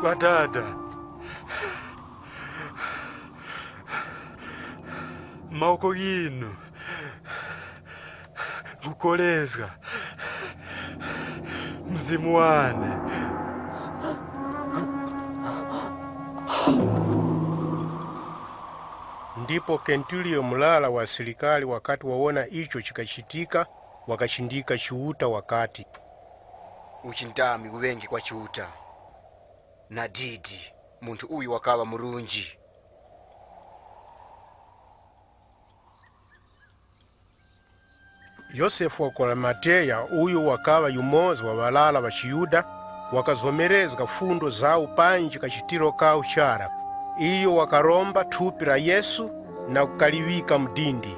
kwa dada maoko gino gukoleza mzimu wane ndipo Kentilio mlala wa serikali wakati waona icho chikachitika wakachindika chiuta wakati uchintami kuwengi kwa chiuta na didi muntu uyu wakaba murungi yosefu wakola mateya uyu wakaba yumozi wa balala wa chiyuda wakazomerezga fundo zawo panji kachitiro kawo chara iyo wakaromba thupi la yesu na kukaliwika mdindi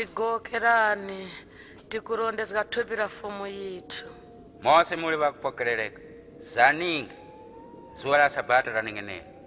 tigokerane tikulondezeka thupira fumu yithu mose muli vakupokereleka zaninga zuwa la sabata lanengenela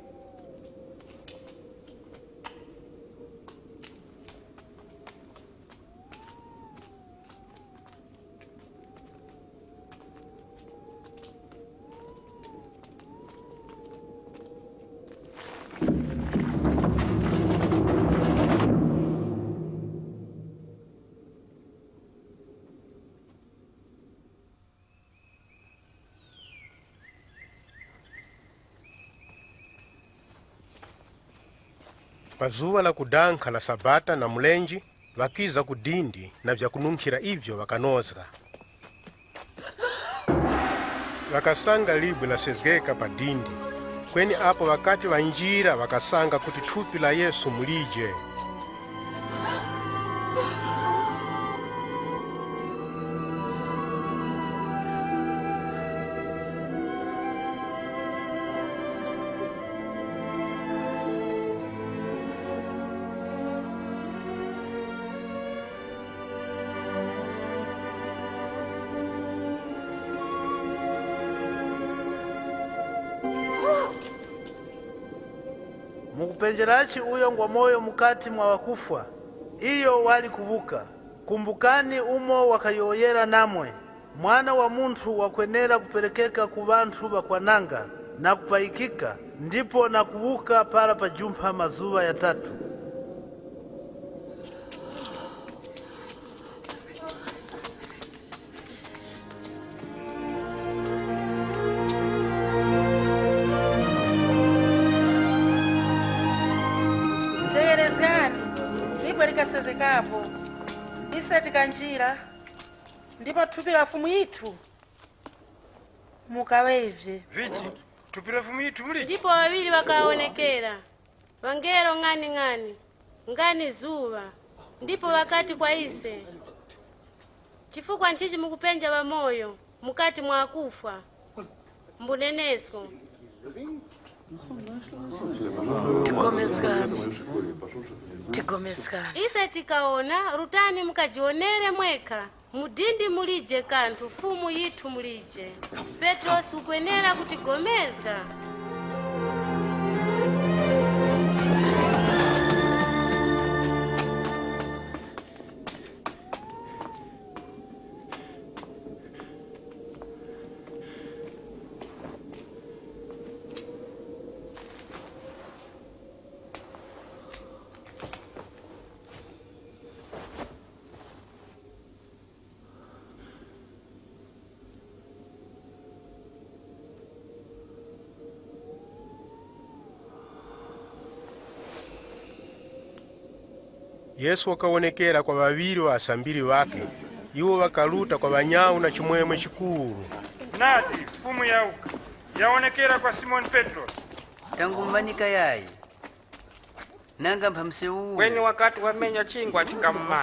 pazuwa la kudankha la sabata na mulenji vakiza ku dindi na vyakununkhira ibyo vakanozwa vakasanga libwe sezgeka pa dindi kweni apo vakati va njira vakasanga kuti thupi la yesu mulije mukupenjerachi uyo ngwa moyo mukati mwa wakufwa iyo kuvuka kumbukani umo wakayoyera namwe mwana wa munthu wakwenera kuperekeka ku bantu bakwananga na kupayikika ndipo na nakuwuka para pajumpha mazuwa yatatu liwe likasezekapo ise tikanjira ndipo thupi la fumu ithu mukawebve vici thupi la fumu ithu muli ndipo wawiri wakaonekera wangero ng'aning'ani ngani zuwa ndipo wakati kwa ise chifukwa nchichi mukupenja wamoyo mukati mwa akufa mbuneneso tigomeska ise tikaona rutani mukajionere mweka mudhindi mulije kanthu fumu yithu mulije petrosi ukuenera kutigomezka yesu wakawonekera kwa vaviri wa asambiri vake iwo vakaluta kwa vanyau na chimwemwe chikulu nati fumu yauka yawonekera kwa simoni petro tangu mmanika yayi nanga mphamsewuwo kweni wakati wamenya chingwa tikamumana